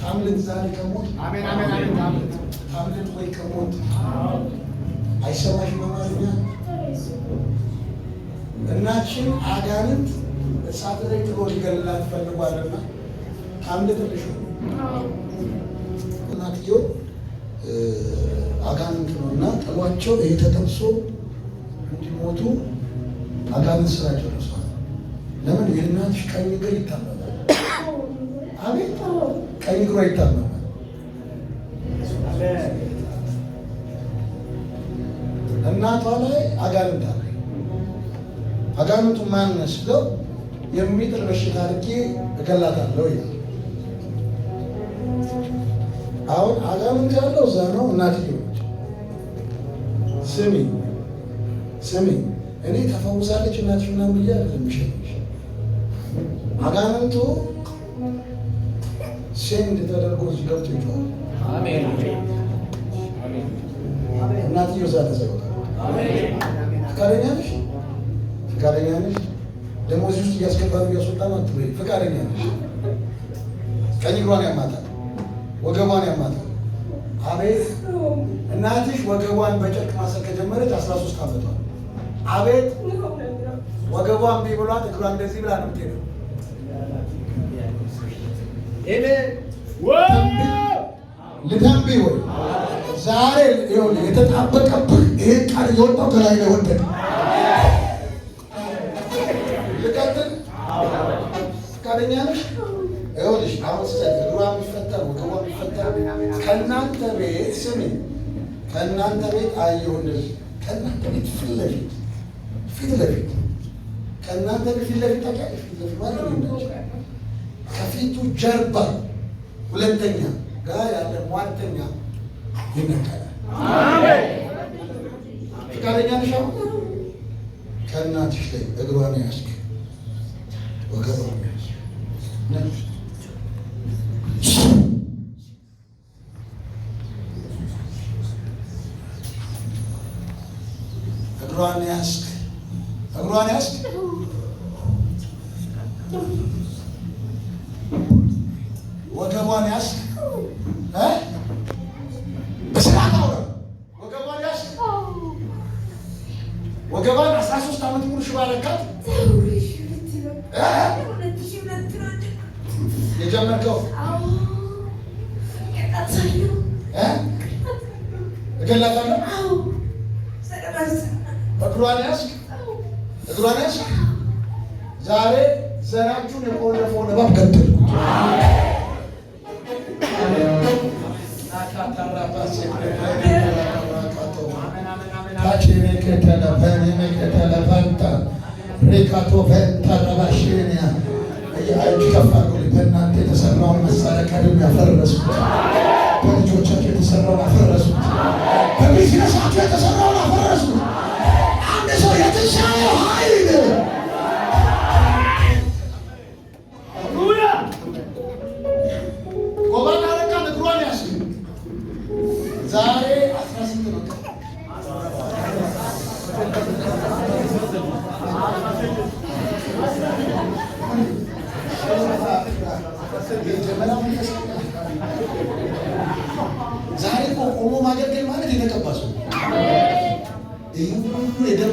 ታምልጥ ዛሬ ከሞት ታምልጥ ወይ ከሞት አይሰማሽ በማለኛ እናችን አጋንንት እሳት ላይ ጥሎ ሊገላት ፈልጓልና ታምልጥልሽ። እናትየው አጋንንት ነው እና ጥሏቸው ይሄ ተጠብሶ እንዲሞቱ አጋንንት ስራቸው ነው። ለምን የእናትሽ ቀኝ እግር ይታመማል? አቤት ቀኝ እግሯ ይታመማል። እናቷ ላይ አጋንንት አለ። አጋንንቱ ማነው ስለው የሚጥል በሽታ አድርጌ እገላታለሁ ይላል። አሁን አጋንንት ያለው እዛ ነው። እናትዬ ስሚ ስሚ፣ እኔ ተፈውሳለች እናትሽ ምናምን ብዬሽ አይደለም አጋንንቱ ሴንድ ተደርጎ እዚህ ገብቶ ይጮሃል። እናትዮ ዛ ተዘግታል። ፍቃደኛ ነሽ? ፍቃደኛ ነሽ? ደግሞ እዚህ ውስጥ እያስገባን እያስወጣን አትበይ። ፍቃደኛ ነሽ? ቀኝ እግሯን ያማታል፣ ወገቧን ያማታል። አቤት እናትሽ ወገቧን በጨርቅ ማሰር ከጀመረች አስራ ሶስት አመቷል። አቤት ወገቧን ቢብሏት እግሯ እንደዚህ ብላ ነው የምትሄደው ልደንብ ወይ ዛሬ ሆነ የተጣበቀብህ ይህ ቃል የወጣው በላይ ነው ወደድ ልቀጥል ፈቃደኛለሽ ይኸውልሽ አሁን ስለ እግሯ የሚፈጠር ውቅቧ የሚፈጠር ከእናንተ ቤት ስሚ ከእናንተ ቤት አየሁልሽ ከእናንተ ቤት ፊት ለፊት ፊት ለፊት ከእናንተ ፊት ለፊት ታውቂያለሽ፣ ፊት ለፊት ማለት ነው። ከፊቱ ጀርባ ሁለተኛ ጋር ያለ ሟርተኛ ይነቀላል። ፈቃደኛ ነሽ? ከእናትሽ ላይ እግሯን ያስክ ወገቧን ያስክ እግሯን ያስክ እግሯን ያስ ወገቧን ያስ በስርዓት አውረ ወገቧን ያስ ወገቧን አስራ ሶስት ዓመት ሙሉ ሽባ ለካት። የጀመርከው እገላታለሁ እግሯን ያስ እግሯን ዛሬ ዘራችሁን የቆለፈው እባብ ገደልኩት። ሪካቶ ፈንታ ረባሽኒያ ከፍ አድርጉልኝ። በእናንተ የተሰራውን መሳሪያ ቀድም ያፈረስኩት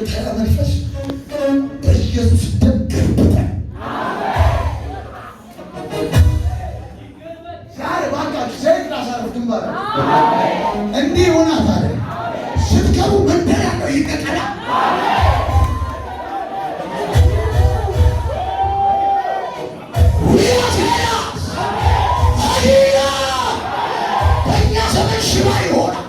የመጠረ መንፈስ በኢየሱስ ደም ገርብታል። ዛሬ ባካችሁ ዘይት ላሳረፍ ድንበር እንዲህ ሆናት አለ ስትገቡ መንደር ያለው ይነቀላል። ሽባ ይሆናል።